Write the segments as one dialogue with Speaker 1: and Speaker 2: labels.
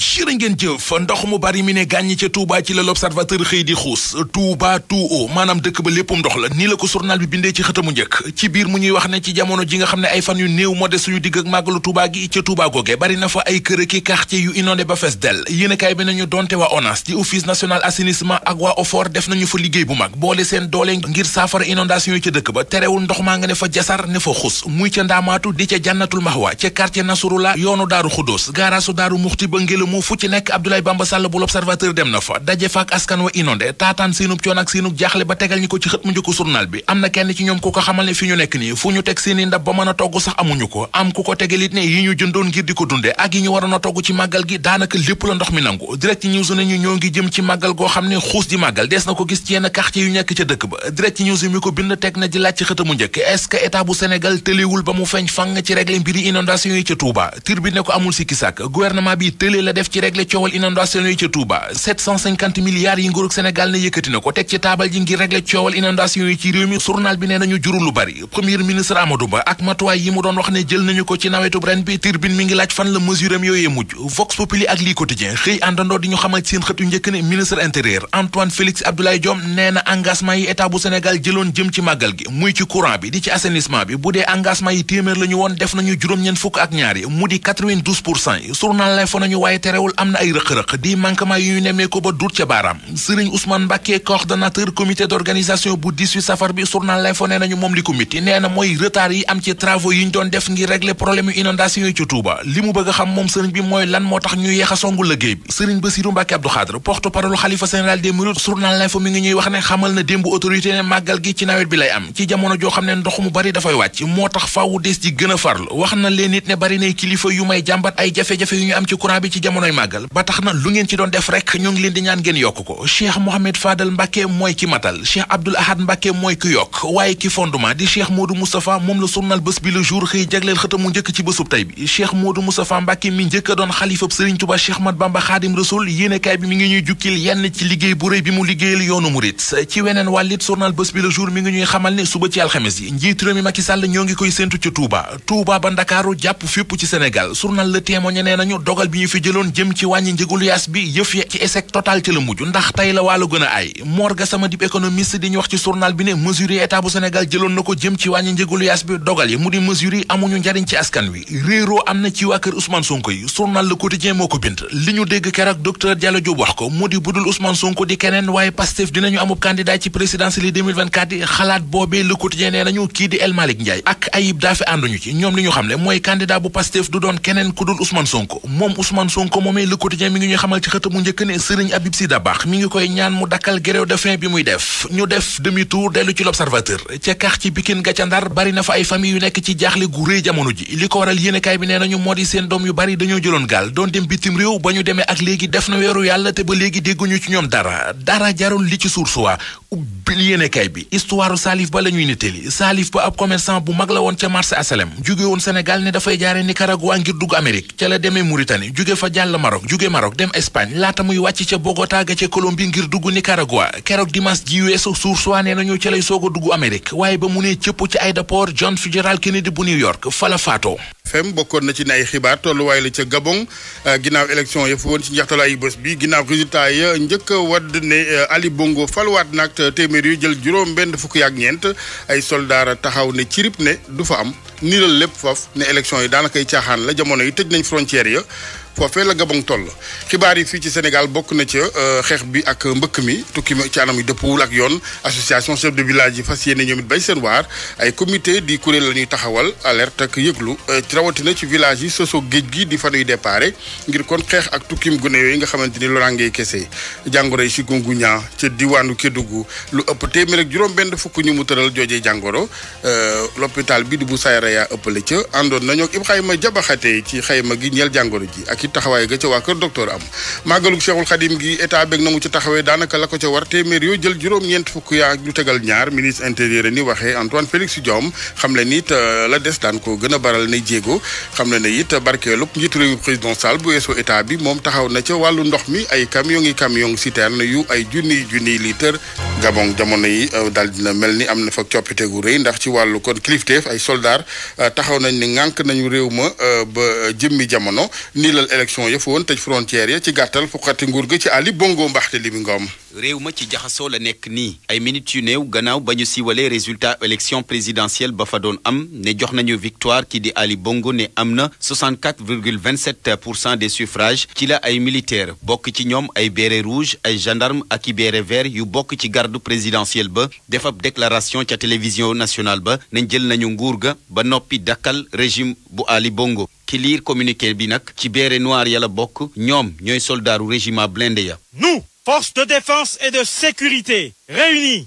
Speaker 1: jërë ngeen jëf ndox mu bari mi ne gàññi ca Touba ci la l'observateur xëy di xuus Touba tout haut maanaam dëkk ba léppum ndox la nii la ko journal bi bindee ci xëtamu njëkk ci biir mu ñuy wax ne ci jamono ji nga xam ne ay fan yu néew moo des suñu digg ak màggalu Touba gi ca Touba goge bari na fa ay kër ki quartier yu inondé ba fees dell yéenekaay bi nañu donte waa ONAS di office national assainissement ak waa def nañu fa liggéey bu mag boole seen doole ngir saafara inondation yi ca dëkk ba terewul ndox maa nga ne fa jasar ne fa xus muy ca ndaamaatu di ca jànnatul maxwa ca quartier Nasrullah yoonu daaru xudóos gaaraasu mu fu ci nekk Abdoulaye Bamba Sall bu l'Observateur dem na fa daje fa ak askan wa inondé taataan seenub coon ak seenub jaaxle ba tegal ñi ko ci xët mu njëkk journal bi am na kenn ci ñoom ku ko xamal ne fi ñu nekk nii fu ñu teg seeni ndab ba mën a togg sax amuñu ko am ku ko tegalit ne yi ñu jëndoon ngir di ko dunde ak yi ñu waroon a togg ci màggal gi daanaka lépp la ndox mi nangu direct news ne ñoo ngi jëm ci màggal goo xam ne xuus di màggal def ci régler coowal inondation yi ca Touba 750 yi nguurug Sénégal ne yëkkati ko teg ci taabal ji ngir régler coowal inondation yi ci réew mi journal bi nee nañu jurul lu bari premier ministre Amadou Ba ak matuwaay yi mu doon wax ne jël nañu ko ci nawetub ren bi turbine mi ngi laaj fan la mesure am yooyee mujj Vox Populi ak lii quotidien xëy àndandoo di ñu xamal seen xët yu njëkk ne ministre intérieur Antoine Félix Abdoulaye Diome nee na terewul am na ay rëq-rëq di manquement yu ñu nemmee ko ba duut ca baaraam Serigne Ousmane Mbacké coordonnateur comité d'organisation bu 18 safar bi journal L'Info nee li ko métti nee na mooy retard yi am ci travaux yi ñu doon def ngir régler problème yu inondation yi ci Touba li mu bëgg xam moom sëriñ bi mooy lan moo tax ñu yeex songu liggéey bi Serigne Bassirou Mbacké Abdou porte-parole xalifa général des Mourides journal L'Info mi ngi ñuy wax ne xamal na jamonoy màggal ba tax na lu ngeen ci doon def rek ñu ngi leen di ñaan ngeen yokk ko Cheikh Mohamed Fadal Mbacke mooy ki matal Cheikh Abdoul Ahad Mbacke mooy ki yokk waaye ki fondement di Cheikh Modou Moustapha moom la surnal bés bi le jour xëy jagleel xëtamu njëkk ci bésub tey bi Cheikh Modou Moustapha Mbacke mi njëkk a doon xalifab Serigne Touba Cheikh Mat Bamba Xaadim Rasul yéenekaay bi mi ngi ñuy jukkil yenn ci liggéey bu rëy bi mu liggéeyal yoonu murit ci weneen wàllit doon jëm ci wàññi njëgulu yaas bi yëf ya ci échec total ci la mujj ndax tey la wàllu gën a ay Mor Gassama dib économiste di ñu wax ci journal bi ne mesures yi état bu Sénégal jëloon na ko jëm ci wàññi njëgulu yaas bi dogal yi mu di mesures yi amuñu njariñ ci askan wi réeroo am na ci waa kër Ousmane Sonko yi journal Le Quotidien moo ko bind li ñu dégg keroog docteur Diallo Diop wax ko mu di budul Ousmane Sonko di keneen waaye Pastef dinañu amub candidat ci di El Malick Ndiaye ak Ayib Daffé ànduñu ci ñoom li ko moomee le quotidien mi ngi ñuy xamal ci xët mu njëkk ne Serigne Abib Sy Dabakh mi ngi koy ñaan mu dakkal grève de faim bi muy def ñu def demi tour dellu ci l'observateur ca quartier Pikine ga ca Ndar bari na fa ay famille yu nekk ci jaaxle gu rëy jamono ji li ko waral yéenekaay bi nee nañu moo di seen doom yu bari dañoo jëloon gaal doon dem bitim réew ba ñu demee ak léegi def na weeru yàlla te ba léegi dégguñu ci ñoom dara dara jarul li ci suur suwa ubbil yéenekaay bi histoire Salif Ba la ñuy nettali Salif Ba ab commerçant bu mag la woon ca marché asalem jóge woon senegal ne dafay jaare Nicaragua ngir dugg Amérique ca la demee Mauritanie jóge fa jàll Maroc jóge Maroc dem Espagne laata muy wàcc ca Bogota ga ca Colombie ngir dugg Nicaragua keroog dimanche ji weesu suur soi nee nañu ca lay soog a dugg Amérique waaye ba mu nee cëpp ci aéroport John Fitzgerald Kennedy bu New York fa la faatoo FM bokkoon na ci ne ay xibaar tolluwaay la ca Gabon euh, ginnaaw élection ya fa
Speaker 2: woon ci njeextalu ay bés bi ginnaaw résultat ya njëkk wadd ne euh, Ali Bongo faluwaat nag téeméer yu jël juróom mbenn fukki ak ñeent ay soldaar taxaw ne cirib ne du fa am niral lépp faf ne élection yi daanakay caaxaan la jamono yi tëj nañ frontière ya foofee la Gabon toll xibaar yi fii ci Sénégal bokk na ca euh, xeex bi ak mbëkk mi tukki mi ci anam yi dëppwul ak yoon association chef de village yi fas yéene ñoom it bay seen waar ay comité di kuréel la ñuy taxawal alerte ak yëglu euh, rawatina ci village yi soso géej gi di fanuy déparé ngir kon xeex ak tukkim gune yooyu nga xamante ni loraangee kese jàngoro yi ñaa ca diwaanu Kédougou lu ëpp téeméer ak juróom-benn fukk ñu mu tëral joojee jàngoro euh, l'hôpital bi di bu Sayraya ëppale ca àndoon nañoo Ibrahima Jabaxate ci xayma gi ñeel jàngoro ji taxawaay ga ca waa kër docteur am màggalug Cheikhul Khadim gi état beeg na mu ci taxawee daanaka la ko ca war téeméer yoo jël juróom-ñeent fukk yaa lu tegal ñaar ministre intérieur ni waxee Antoine Félix Diome xam le ni it euh, la des daan ko gën a baral na jéego xam na ne it barkeelub njiitu réew président Sall bu weesoo état bi moom taxaw na ca wàllu ndox mi ay camion yi camion citerne yu ay junniy junniy litre gabon jamono yi euh, daal dina mel ni am na fa coppite gu rëy ndax ci wàllu kon kilifteef ay soldaar euh, taxaw nañ ni ŋànk nañu réew ma ba jëmmi jamono élection ya fa woon tëj frontière ya ci gàttal fuqati nguur gi ci Ali Bongo Barthélémy Ngom
Speaker 3: réew ma ci jaxasoo la nekk nii ay minutes yu néew gannaaw ba ñu siiwalee résultat élection présidentielle ba fa doon am ne jox nañu victoire kii di Ali Bongo ne am na 64 virgule 27 pour cent des suffrages ci la ay militaires bokk ci ñoom ay béret rouge ay gendarme ak i béret vert yu bokk ci garde présidentielle ba def ab déclaration ca télévision nationale ba ne jël nañu nguur ga ba noppi dakkal régime bu Ali ki liir communiqué bi nag ci béere noir ya la bokk ñoom ñooy soldaaru régiment blindé ya
Speaker 2: nous forces de défense et de sécurité réunis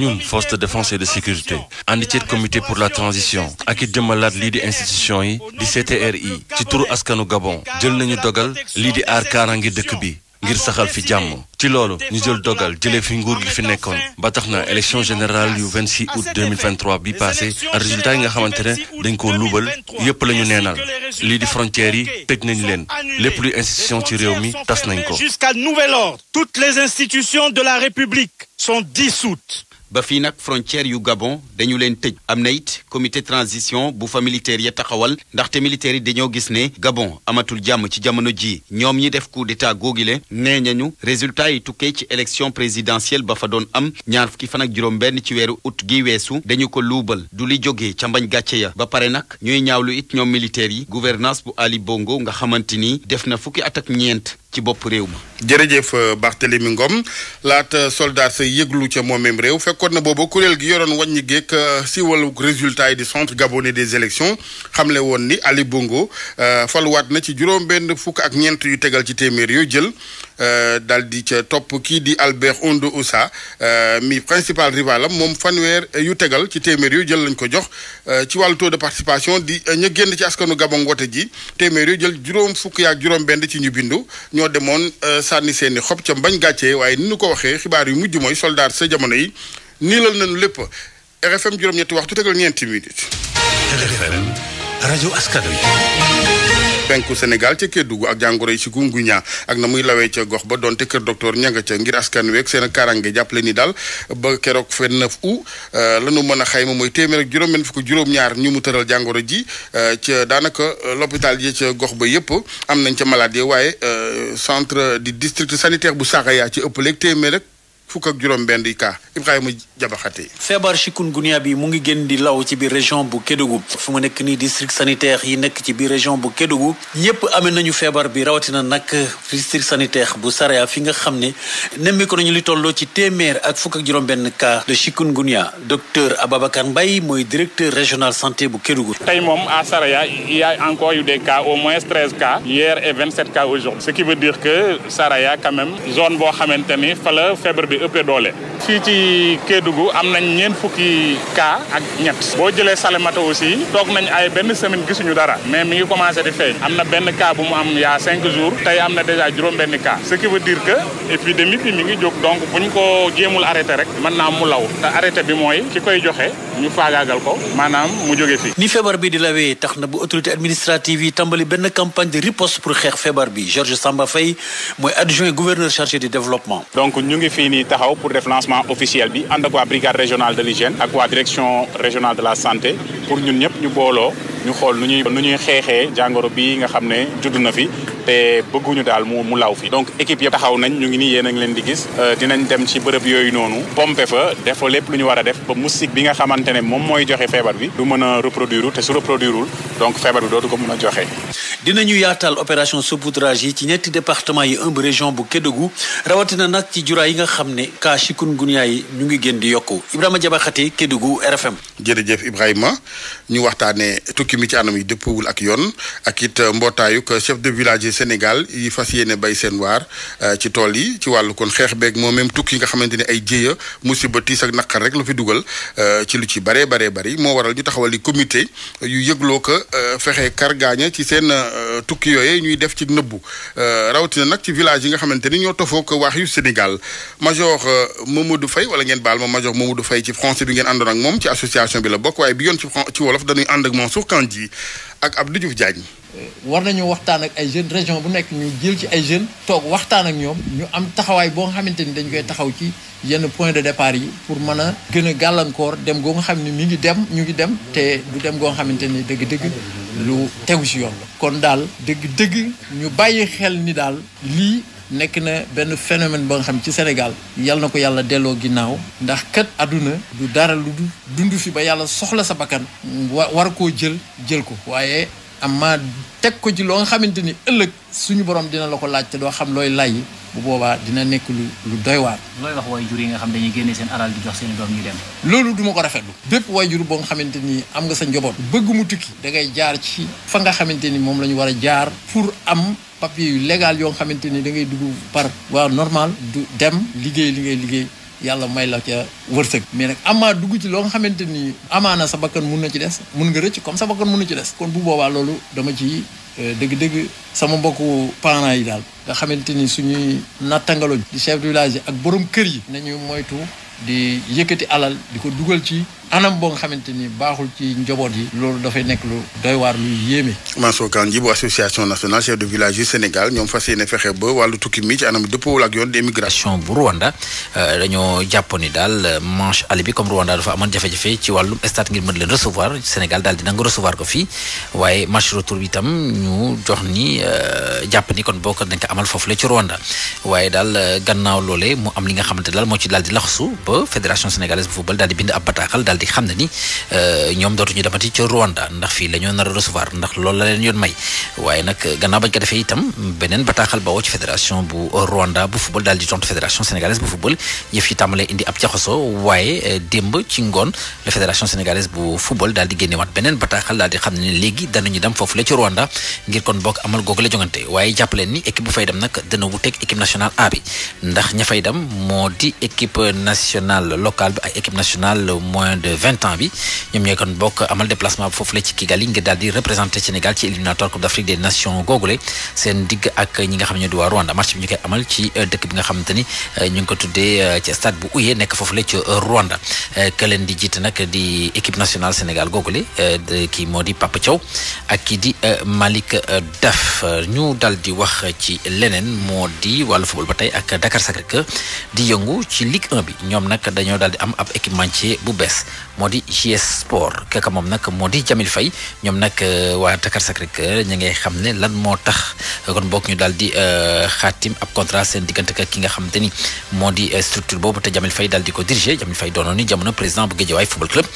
Speaker 4: ñun force de défense et de sécurité ànd ci comité pour la transition ak i jëmmalaat lii di institution yi di CTRI ci turu askanu Gabon jël nañu dogal lii di aar kaaraange dëkk bi ngir saxal fi jàmm ci loolu ñu jël dogal jëlee fi nguur gi fi nekkoon ba tax na élection générale yu 26 août 2023 bi passé ak résultat yi nga xamante ne dañ koo luubal yëpp la ñu neenal lii di frontières yi tëj nañ leen lépp luy institution ci réew mi tas nañ ko.
Speaker 1: Jusqu'à nouvel ordre, toutes les institutions de la République sont dissoutes.
Speaker 3: ba fii nag frontière yu Gabon dañu leen tëj am na it comité transition bu fa militaire ya taxawal ndaxte militaire yi dañoo gis ne Gabon amatul jàmm ci jamono ji ñoom ñi def coup d'état googile nee ñu résultat yi tukkee ci élection présidentielle ba fa doon am ñaar fukki fan ak juróom ci weeru août gi weesu dañu ko luubal du li jóge ca mbañ gàcce ya ba pare nag ñuy ñaawlu it ñoom militaire yi gouvernance bu Ali Bongo nga xamante ni def na fukki at ak ñeent ci bopp réew ma.
Speaker 2: jërëjëf euh, Barthélémy Ngom laata soldat sa yëglu ca moomeem réew fekkoon na booba kuréel gi yoroon wàññi geek euh, si wàllu résultat yi di centre gabonais des élections xamle woon ni alibongo Bongo euh, faluwaat na ci juróom benn fukk ak ñeent yu tegal ci téeméer yooyu jël Euh, daal di ca topp kii di Albert Ondo Oussa euh, mi principal rival am moom fanweer yu tegal ci téeméer yu jël lañ ko jox euh, ci wàllu taux de participation di ña génn ci askanu Gabon wote ji téeméer yu jël juróom fukk yaak juróom benn ci ñu bindu ñoo demoon sànni seeni xob ca mbañ gàccee waaye ni nu ko waxee xibaar yu mujj mooy soldat sa jamono yi niilal nañu lépp RFM juróom-ñetti waxtu tegal ñeenti minutes. penku Sénégal ca Kédougou ak jàngoro yi ci chikungunya ak na muy lawee ca gox ba donte kër docteur ña nga ca ngir askan weeg seen karange jàppale ni daal ba keroog fen neuf août nu euh, mën a xayma mooy téeméer ak juróom-benn fukk juróom-ñaar ñu mu tëral jàngoro ji euh, ca daanaka l'hôpital yi ca gox ba yëpp am nañ ca malade yi waaye euh, centre di district sanitaire bu Saraya ci ëppaleeg téeméer rek fukk ak juróom-benn yi cas Ibrahima Jabaxate. feebar chikungunya bi mu ngi génn di law ci biir région bu Kédougou fu mu nekk nii district sanitaire yi nekk ci biir région bu Kédougou yépp amee nañu feebar bi rawatina nag district sanitaire bu Saraya fi nga xam ne nemmi nañu li tolloo ci téeméer ak fukk juróom-benn cas de chikungunya docteur Ababacar mbay mooy directeur régional santé bu Kédougou. tey moom à Saraya il y a encore eu des cas au moins treize cas hier et vingt sept cas aujourd'hui ce qui ëppee doole fii ci Kédougou am nañ ñeent fukki cas ak ñett boo jëlee Salémata aussi toog nañ ay benn semaine gisuñu dara mais mi ngi commencé di feeñ am na benn cas bu mu am yaa cinq jours tey am na déjà juróom-benn cas ce qui veut dire que épidémie bi mi ngi jóg donc buñ ko jéemul arrêté rek mën naa mu law te arrêté bi mooy ki koy joxe ñu faagaagal ko maanaam mu jóge fi ni feebar bi di lawee tax na bu autorité administrative yi tambali benn campagne de riposte pour xeex feebar bi Georges Samba Faye mooy adjoint gouverneur chargé du développement. lancement officiel bi ànd ak waa brigade régionale de l'hygiène ak waa direction régionale de la santé pour ñun ñëpp ñu booloo ñu xool nu ñuy nu ñuy xeexee jàngoro bi nga xam ne judd na fi te bëgguñu daal mu mu law fi donc équipe yëpp taxaw nañ ñu ngi nii yéen a ngi leen di gis euh, dinañ dem ci bërëb yooyu noonu pompe fa def lépp lu ñu war a def ba musique bi nga xamante ne moom mooy joxe feebar bi du mën a reproduire te su reproduireul donc feebar bi dootu ko mën a joxe dina ñu yaatal opération
Speaker 3: saupoudrage yi ci ñetti département
Speaker 2: yi ëmb région bu Kédougou rawatina nag ci jura yi nga xam ne cas chikungunya yi ñu ngi génn di yokku Ibrahima Jabaxate Kédougou RFM. jërëjëf Ibrahima ñu waxtaanee tukki mi ci anam yi dëppwul ak yoon ak it euh, mbootaayu chef de village yi Sénégal yi fas yéene bay seen waar euh, ci tool yi ci wàllu kon xeex beeg moo même tukki nga xamante ne ay jéeya musiba tiis ak naqar rek lu fi dugal euh, ci lu ci baree baree bari moo waral ñu taxawal comité yu yëgloo ko fexe kargaaña ci seen. Euh, tukki yooyee ñuy def ci nëbbu euh, rawatina nag ci village yi nga xamante ni ñoo tofook waax yu Sénégal major euh, Mamadou Faye wala ngeen baal ma major Mamadou Faye ci français bi ngeen ànd ak moom ci association bi la bokk waaye bi yoon ci ci wolof dañuy ànd ak Mansour ji ak ab Abdou Diouf yi
Speaker 5: eh, war nañu waxtaan ak ay jeunes région bu nekk ñu jël ci ay jeunes toog waxtaan ak ñoom ñu am taxawaay boo nga xamante ni dañu koy taxaw ci yenn point de départ yi pour mën a gën a gàllankoor dem goo nga xam ne mi ngi dem ñu ngi dem te du dem goo nga xamante ni dëgg-dëgg lu tegu si yoon kon daal dëgg-dëgg ñu bàyyi xel ni daal lii. nekk na benn phénomène ba nga xam ci Sénégal yal na ko yàlla delloo ginnaaw ndax kat àdduna du dara lu dund fi ba yàlla soxla sa bakkan wa war koo jël jël ko waaye am amma teg ko ci loo nga xamante ni ëllëg suñu borom dina la ko laaj te doo xam looy lay bu boobaa dina nekk lu lu doy waar.
Speaker 6: looy wax waajur yi nga xam dañuy génne seen alal di jox seen doom ñu dem.
Speaker 5: loolu du ma ko rafetlu. bépp waajur boo nga xamante ni am nga sa njaboot. bëgg mu tukki da ngay jaar ci fa nga xamante ni moom la ñu war a jaar pour am papier yu légal yoo xamante ni da ngay dugg par waa normal du dem liggéey li liggéey yàlla may la ca wërsëg mais nag amaa dugg ci loo nga xamante ni amaana sa bakkan mun na ci des mun nga rëcc comme sa bakkan mun na ci des kon bu boobaa loolu dama ci euh, dëgg-dëgg sama mbokku parent yi daal nga xamante ni suñuy nattangaloñ di chef de village ak borom kër yi nañu moytu di yëkkati alal di ko dugal ci anam boo nga xamante ni baaxul ci njaboot yi. loolu dafay nekk lu
Speaker 2: doy waar luy yéeme. Mansour Kandji association nationale chef de village yu Sénégal ñoom fas yéene fexe ba
Speaker 6: wàllu tukki mi ci anam dëppoowul ak yoon d'émigration bu Rwanda euh, dañoo jàpp ni daal manche ali bi comme Rwanda dafa amoon jafe-jafe ci wàllum stade ngir mën leen recevoir Sénégal daal dina nga recevoir ko fii waaye match retour bi itam ñu jox ni euh, jàpp ni kon boo ko dañ amal foofu la ci Rwanda waaye daal euh, gannaaw loolee mu am li nga xamante daal moo ci daal di laxasu ba fédération sénégalaise bu football daal di bind ab bataaxal daal daal di xam ne ni euh, ñoom dootuñu demati ca Rwanda ndax fii la ñoo nar a recevoir ndax loolu la leen yoon may waaye nag gannaaw bañ ko defee itam beneen bataaxal bawoo ci fédération bu Rwanda bu football daal di tontu fédération sénégalaise bu football yëf yi tàmbalee indi ab jaxasoo waaye euh, démb ci ngoon la fédération sénégalaise bu football daal di génnewaat beneen bataaxal daal di xam ne léegi danañu dem foofu la ci Rwanda ngir kon bokk amal googu la A de vingt ans bi ñoom ñooy kon bokk amal déplacement bu foofu la ci Kigali ngir daal di représenté Sénégal ci éliminatoire Coupe d'Afrique des Nations googule seen digg ak ñi nga xam ne du waa Rwanda match bi ñu koy amal ci euh, dëkk bi nga xamante ni euh, ñu ngi ko tuddee euh, ci stade bu Uye nekk foofu la ci Rwanda ka leen di jiit nag di équipe nationale Sénégal googule kii moo di Papa Thiaw ak kii di Malick Daf ñu dal di wax ci leneen moo di wala football ba tey ak Dakar di yëngu ci Ligue 1 ñoom nag dañoo daal di am ab équipementier bu bees moo di GS Sport kaka moom nag moo di Jamil fay ñoom nag euh, waa Dakar Sacré-Cœur ñu ngay xam ne lan moo tax euh, kon bokk ñu daal di euh, xaatim ab contrat seen diggante ak ki nga xamante ni moo di structure boobu te Jamil Faye daal di ko diriger Jamil fay doonoon ni jamono président bu Guédiawaye football club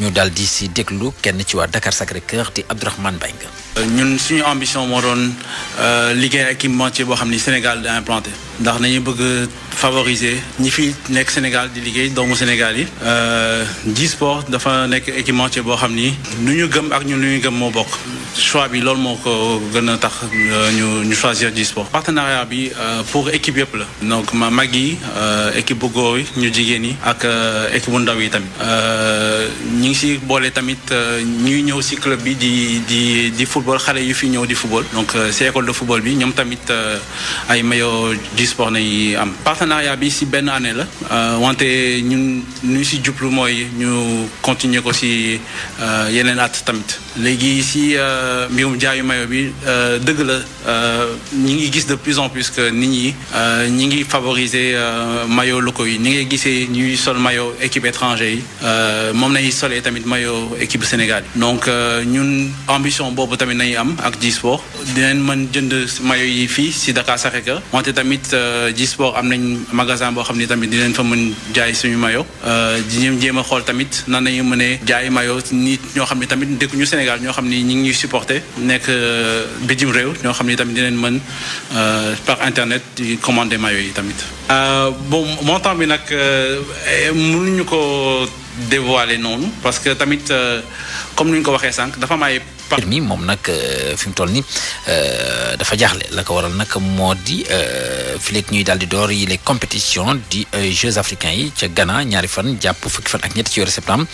Speaker 6: ñu daal di si déglu kenn ci waa Dakar Sacré-Cœur di Abdourahmane Mbengue.
Speaker 7: ñun suñu ambition moo doon liggéey équipement boo xam ni Sénégal da implanté. ndax nañu bëgg favoriser ñi fi nekk Sénégal di liggéey doomu Sénégal yi ji euh, sport dafa nekk équipementier boo xam ni lu ñu gëm ak ñu lu ñu gëm moo bokk choix bi loolu moo ko gën a tax euh, ñu ñu choisir ji sport partenariat bi euh, pour équipe yëpp la donc ma mag yi équipe bu góor yi ñu jigéen yi ak équipe bu ndaw yi tamit ñi ngi si boolee tamit ñuy ñëw si club bi di di di football xale yu fi ñëw di football donc si école de football bi ñoom tamit ay maillot gis wax nañu am partenariat bi si benn année la euh, wante ñun ñu si jublu mooy ñu continuer ko si euh, yeneen at tamit léegi si euh, mbirum jaayu mayo bi dëgg la ñu ngi gis de plus en plus que nit ñi ñi ngi favoriser mayo locaux yi ni ngay gisee ñuy sol mayo équipe étranger yi moom nañuy solee tamit mayo équipe Sénégal yi donc ñun ambition boobu tamit nañu am ak G Sport dinañ mën jënd mayo yi fii si Dakar sacré wante tamit Euh, G Sport am nañ magasin boo xam ni tamit di dinañ fa mën jaay suñu mayo euh, di ñu jéem a xool tamit nan nañu mënee jaay mayo nit ñoo xam ne tamit dëkkuñu Sénégal ñoo xam ni ñu ngi ñuy supporté nekk bi euh, bitim réew ñoo xam ne tamit dinañ mën par internet di commandé mayo yi tamit bon montant bi nag nu ñu ko dévoiler noonu parce que tamit comme ni ñu ko waxee sànq dafa am
Speaker 6: par mii moom nag euh, fi mu toll ni euh, dafa jaaxle la ko waral nag moo di euh, fileeg ñuy daal di door yi les compétitions di Jeux africains yi ca Ghana ñaari fan jàpp fukki fan ak ñetti ci weeru septembre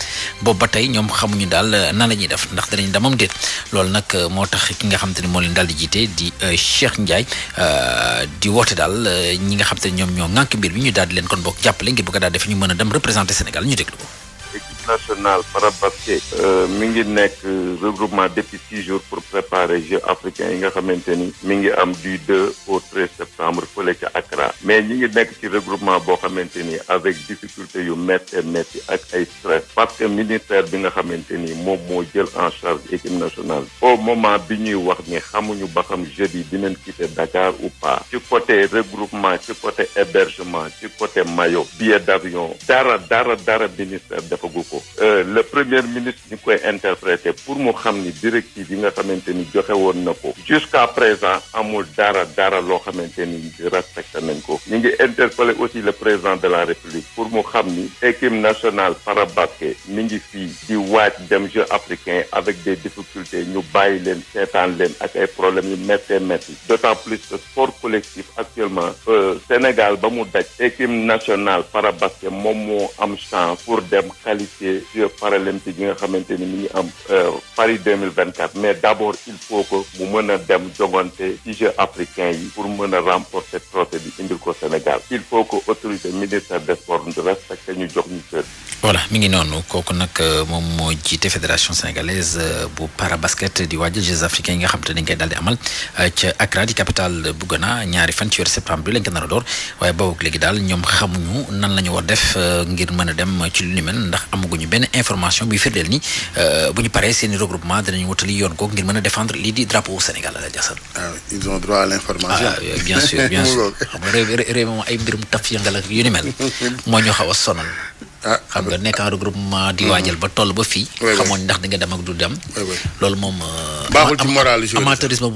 Speaker 6: boobu ba tey ñoom xamuñu daal nan la ñuy def ndax danañ damam déet loolu nag moo tax ki nga xam te ne moo leen daal di jiite di Cheikh Ndiaye di woote daal ñi nga xam te ne ñoom ñoo ŋànk mbir bi ñu daal di leen kon bokk jàppale ngir bu ko daal def ñu mën a dem représenter Sénégal ñu déglu ko
Speaker 4: national parabasket euh, mi ngi nekk regroupement depuis six jours pour préparer Jeux africains yi nga xamante ni mi ngi am du 2 au septembre septembre fële ca Accra mais ñi ngi nekk ci regroupement boo xamante ni avec difficulté yu méttee métti ak ay stress parce ministère bi nga xamante ni moom moo jël en charge équipe nationale au moment bi ñuy wax ni xamuñu ba xam jeudi dinañ quitter Dakar ou pas ci côté regroupement ci côté hébergement ci côté maillot billet d'avion dara dara dara ministère dafa gu ko euh, le premier ministre ñu koy interpréter pour mu xam ni directive yi nga xamante ni joxe woon na ko jusqu'à présent amul dara dara loo xamante ni respecté nañ ko ñu ngi interpeller aussi le président de la république pour mu xam ni équipe nationale para basket mi ngi fii di waaj dem jeu africain avec des difficultés ñu bàyyi leen seetaan leen ak ay problèmes yu méttee métti d'autant plus que sport collectif actuellement euh, Sénégal ba mu daj équipe nationale para moom moo am chance pour dem expliquer paralympique yi nga xamante ni mu ngi am euh, Paris mais d'abord il faut que mu mën a dem jogante ci Jeux africains yi pour mën a remporter trophée bi ko Sénégal il faut que autorité ministère des sports ñu respecté ñu jox ñu kër
Speaker 6: voilà mi ngi noonu kooku nag euh, moom moo jiite fédération sénégalaise euh, bu parabasket di waajal Jeux africains yi nga xam te dañ koy daal di amal ca Accra di capitale bu Ghana ñaari fan ci septembre bi lañ ko door waaye boobu léegi la ñu war a dem amaguñu benn information buy firndeel ni euh, bu paree seen regroupement dinañu wutali yoon googu ngir mën a lii di drapeau Sénégal a jasal. Ah, ils ont droit à l'information. Ah, euh, bien sûr bien sûr réew moom ay mbirum taf yëngal ak yu ni mel. moo ñu xaw a sonal. Ah,
Speaker 4: xam nga nekk regroupement di mm-hmm. waajal ba toll ba fii. xamoon ndax di dem ak du dem. loolu moom. Euh, baaxul ci moral amateurisme